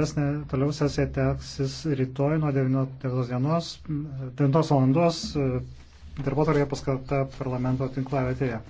Vesnė toliau sesija teksis rytoj nuo 9 dienos, 9 valandos, e, darbo tarėje paskata parlamento tinklavietėje.